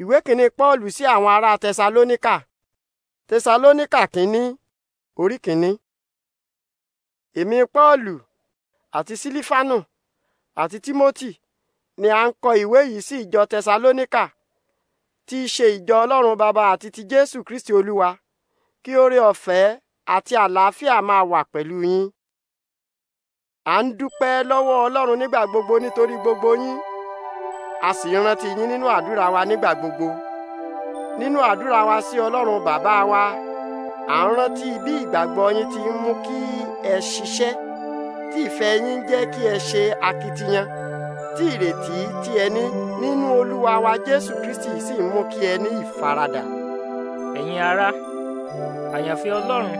ìwé kìíní pọ́ọ̀lù sí àwọn ará tesalonika tẹsalóníkà kìíní orí kìíní. èmi pọ́ọ̀lù àti sílífánù àti tímótì ni à ń kọ ìwé yìí sí ìjọ tẹsalóníkà tí í ṣe ìjọ ọlọ́run bàbá àti ti jésù kristi olúwa kí oore ọ̀fẹ́ àti àlàáfíà máa wà pẹ̀lú yín. à ń dúpẹ́ lọ́wọ́ ọlọ́run nígbà gbogbo nítorí gbogbo yín a sì rántí yín nínú àdúrà wa nígbà gbogbo nínú àdúrà wa sí Ọlọ́run bàbá wa à ń rántí bí ìgbàgbọ́ yín ti ń mú kí ẹ ṣiṣẹ́ tí ìfẹ́ yín jẹ́ kí ẹ ṣe akitiyan tí ìrètí tí ẹ ní nínú Olúwa wa Jésù Kristi sì ń mú kí ẹ ní ìfaradà. ẹ̀yin ará àyànfẹ́ Ọlọ́run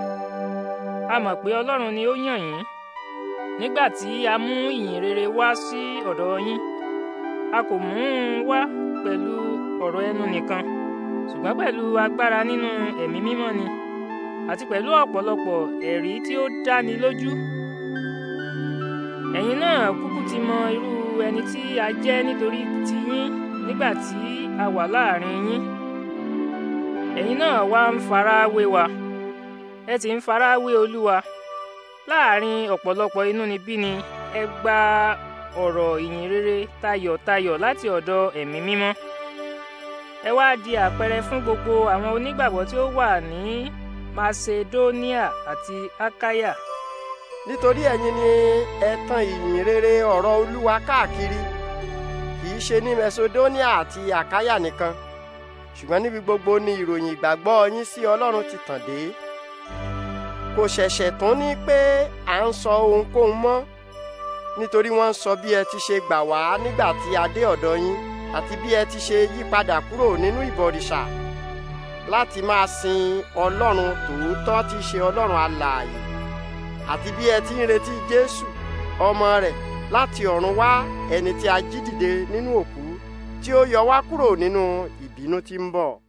a mọ̀ pé Ọlọ́run ni ó yàn yín nígbà tí a mú ìyìn rere wá sí ọ̀dọ̀ yín a kò mú un wá pẹ̀lú ọ̀rọ̀ ẹnu nìkan ṣùgbọ́n pẹ̀lú agbára nínú ẹ̀mí mímọ́ ni àti pẹ̀lú ọ̀pọ̀lọpọ̀ ẹ̀rí tí ó dáni lójú. ẹ̀yin náà kúkú ti mọ irú ẹni tí a jẹ́ nítorí ti yín nígbà tí a wà láàrin yín. ẹ̀yin náà wá ń fara wé wa ẹ ti ń fara wé olúwa láàrin ọ̀pọ̀lọpọ̀ inúnibíni ẹ gba ọ̀rọ̀ ìyìn rere tayọ̀tayọ̀ láti ọ̀dọ̀ ẹ̀mí mímọ́ ẹ wá di àpẹẹrẹ fún gbogbo àwọn onígbàgbọ́ tí ó wà ní macedonia àti akaya. nítorí ẹ̀yin ni ẹ tan ìyìn rere ọ̀rọ̀ olúwa káàkiri kì í ṣe ní macedonia àti akaya nìkan ṣùgbọ́n níbi gbogbo ni ìròyìn ìgbàgbọ́ yín sí ọlọ́run ti tàn dé kò ṣẹ̀ṣẹ̀ tún ní pé à ń sọ ohunkóhun mọ́ nítorí wọ́n ń sọ bí ẹ ti ṣe gbà wá nígbà tí a dé ọ̀dọ̀ yín àti bí ẹ ti ṣe yí padà kúrò nínú ìbọ̀rìṣà láti máa sin ọlọ́run tòótọ́ tí í ṣe ọlọ́run alààyè àti bí ẹ ti ń retí jésù ọmọ rẹ̀ láti ọ̀run wá ẹni tí a jí dìde nínú òkú tí ó yọ wá kúrò nínú ìbínú tí ń bọ̀.